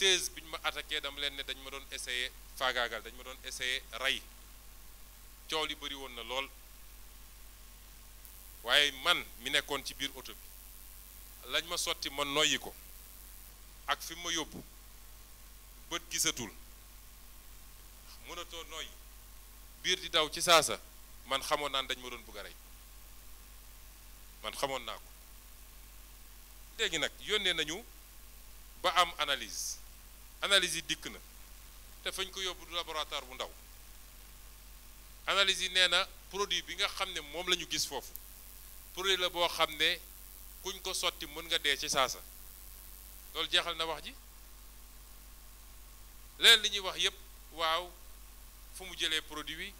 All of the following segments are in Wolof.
2016 bi ñu ma attaqué dama leen ne dañ ma doon essayé faagaagal dañ ma doon essayé rey coow li bëri woon na lool waaye man mi nekkoon ci biir oto bi lañ ma sotti ma noyyi ko ak fi ma yóbbu bët gisatul mënatoo noyyi biir di daw ci saasa man xamoon naa naan dañ ma doon bëgg rey man xamoon naa ko léegi nag yónnee nañu ba am analyse analyse yi dikk na te fañ ko yóbbu du laboratoire bu ndaw analyse yi nee na produit bi nga xam ne moom la ñu gis foofu produit la boo xam ne kuñ ko sotti mën nga dee ci sa loolu jeexal na wax ji leneen li ñuy wax yépp waaw fu mu jëlee produit bi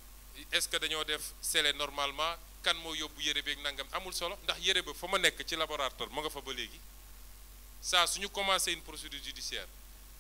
est-ce que dañoo def scellé normalement kan moo yóbbu yére beeg nangam amul solo ndax yére ba fa ma nekk ci laboratoire ma nga fa ba léegi saa suñu commencé une procédure judiciaire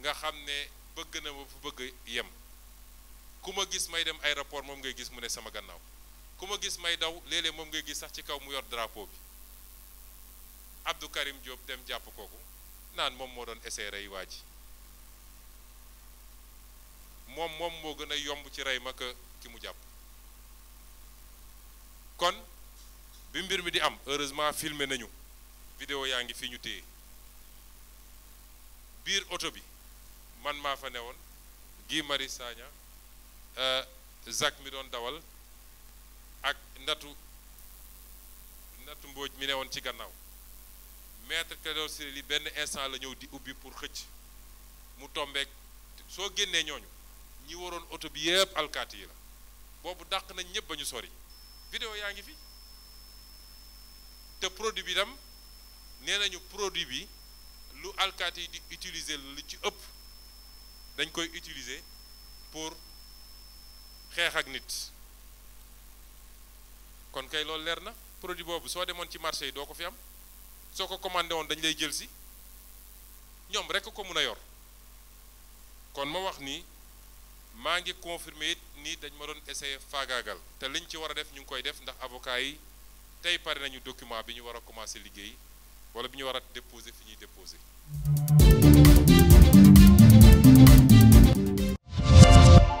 nga xam ne bëgg na ma fu bëgg yem ku ma gis may dem aéroport moom ngay gis mu ne sama gànnaaw ku ma gis may daw léeg moom ngay gis sax ci kaw mu yor drapeau bi Abdou Karim Diop dem jàpp kooku naan moom moo doon essayé rey waa ji moom moom moo gën a yomb ci rey ma que ki mu jàpp kon bi mbir mi di am heureusement filmé nañu vidéo yaa ngi fi ñu téye biir oto bi man maa fa woon gi Marius Sagna Zak euh, mi doon dawal ak ndatu ndatu mbooj mi newoon ci gannaaw maître Clédor Ciré Ly benn instant la ñëw di ubbi pour xëcc mu tombeek soo génnee ñooñu ñi waroon oto bi yëpp alkaati yi la boobu dàq nañ ñëpp ba ñu sori vidéo yaa ngi fi te produit bi tam nee nañu produit bi lu alkaati yi di utiliser lu ci ëpp dañ koy utiliser pour xeex ak nit kon kay loolu na produit boobu soo demoon ci marché yi ko fi am soo ko commandé woon lay jël si ñoom rek ko mun yor kon ma wax ni maa ngi ni ma doon essayer faagaagal te liñ ci war def ñu koy def ndax avocat yi nañu document commencer liggéey déposer fi déposer.